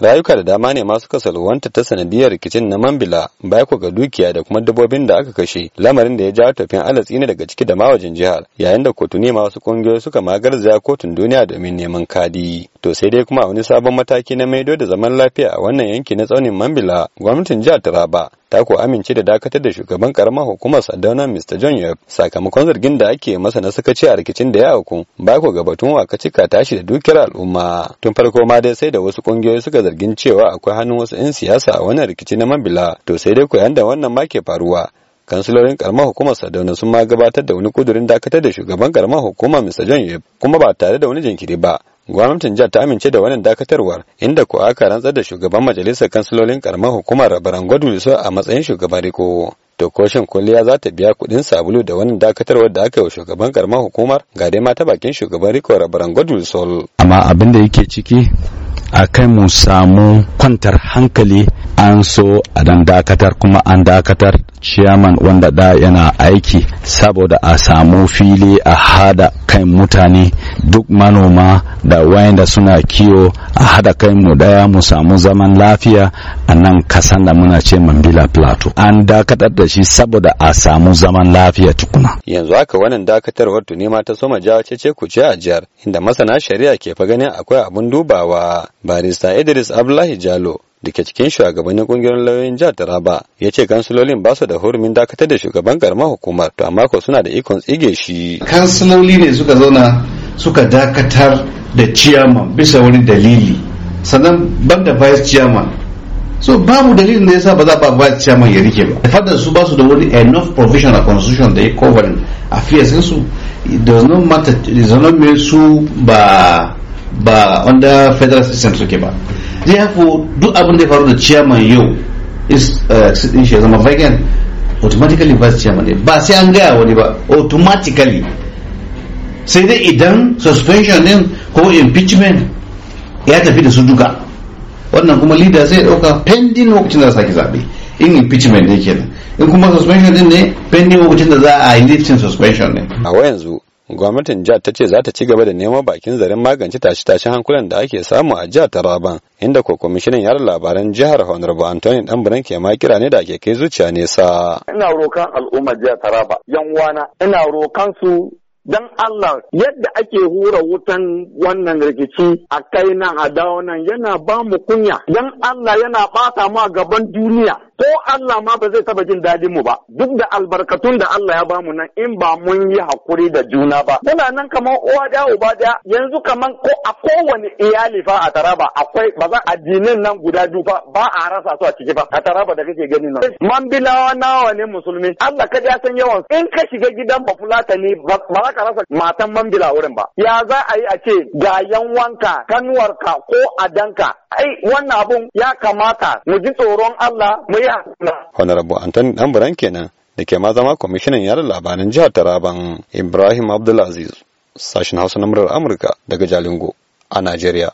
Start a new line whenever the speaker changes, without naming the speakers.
rayuka da dama ne masu kasalwanta ta sanadiyar rikicin na mambila bai ku ga dukiya da kuma dabbobin da aka kashe lamarin da ya jawo tafiyan alatsi ne daga ciki da mawajin jihar yayin da kotuni masu kungiyoyi suka magarza kotun duniya domin neman kadi to sai dai kuma a wani sabon mataki na maido da zaman lafiya a wannan yanki na tsaunin mambila gwamnatin jihar taraba ta ko amince da dakatar da shugaban karamar hukumar sadauna mr john yap sakamakon zargin da ake masa na sakaci a rikicin da ya auku ba ko ga batun waka cika tashi da dukiyar al'umma tun farko ma dai sai da wasu kungiyoyi suka zargin cewa akwai hannun wasu 'yan siyasa a wannan rikici na mambila to sai dai ko yanda wannan ma ke faruwa kansilorin karamar hukumar sadauna sun ma gabatar da wani kudurin dakatar da shugaban karamar hukumar mr john yap kuma ba tare da wani jinkiri ba gwamnatin jihar ta amince da wannan dakatarwar inda ko aka rantsar da shugaban majalisar kansilolin karamar hukumar rabaran gwadu su a matsayin shugaban riko to koshin shin za ta biya kuɗin sabulu da wannan dakatarwar da aka yi wa shugaban karamar hukumar ga dai mata bakin shugaban riko rabaran gwadu sol
amma abin da yake ciki a kai mu samu kwantar hankali an so a dan dakatar kuma an dakatar ciyaman wanda da yana aiki saboda a samu fili a hada kan mutane duk manoma da wayanda suna kiwo a hada kai mu daya mu samu zaman lafiya a nan kasan da muna ce mambila plateau an dakatar da shi saboda a samu zaman lafiya tukuna
yanzu haka wannan dakatarwar tuni ma ta soma jawo cece ce a jihar inda masana shari'a ke fa ganin akwai abun dubawa barista idris abdullahi jalo da cikin shugabannin kungiyoyin lauyoyin jihar Taraba ya ce kansiloli ba su da hurumin dakatar da shugaban karamar hukumar to amma ko suna da ikon tsige shi. Kansiloli ne suka zauna
suka dakatar da ciyama bisa wani dalili sannan banda vice chairman so babu dalilin da yasa ba za ba vice chairman ya rike ba fadar su ba su da wani enough provision a constitution da ya covering affairs su does not matter does not su ba ba wanda federal system suke ba zai haku duk abin da ya faru da chairman yau in uh, din ya zama vegan automatically su chairman ba sai an gaya wani ba automatically sai dai idan suspension din ko impeachment ya tafi da su duka wannan kuma leader zai dauka pending lokacin da sake zabe in impeachment ne kenan in kuma suspension din ne pending lokacin da za a yi lifting suspension ne
a yanzu gwamnatin jihar ta ce za ta ci gaba da neman bakin zarin magance tashe-tashen hankulan da ake samu a jihar Taraban inda ko kwamishinan yar labaran jihar Honorable Anthony Danburan ke ma kira ne da ake kai zuciya nesa.
Ina rokan al'ummar jihar Taraba yan wana ina rokan su dan Allah yadda ake hura wutan wannan rikici a kai nan a dawo nan yana ba mu kunya dan Allah yana bata ma gaban duniya ko Allah ma ba zai taba jin dadin mu ba duk da albarkatun da Allah ya bamu nan in ba mun yi hakuri da juna ba muna nan kamar uwa da uba da yanzu kamar ko a kowane iyali fa a taraba akwai ba za addinin nan guda biyu fa ba a rasa su a ciki ba. a taraba da kake gani nan man bilawa nawa ne musulmi Allah ka ya san yawan in ka shiga gidan bafulatani ne ba za ka rasa matan man bila wurin ba ya za a yi a ce ga yanwanka kanuwarka ko adanka ai wannan abun ya kamata mu ji tsoron Allah mu ya
Honorable Anthony kenan da ke ma zama kwamishinan yada labaran jihar Taraban Ibrahim Abdulaziz sashen Hausa na murar Amurka daga Jalingo a Najeriya.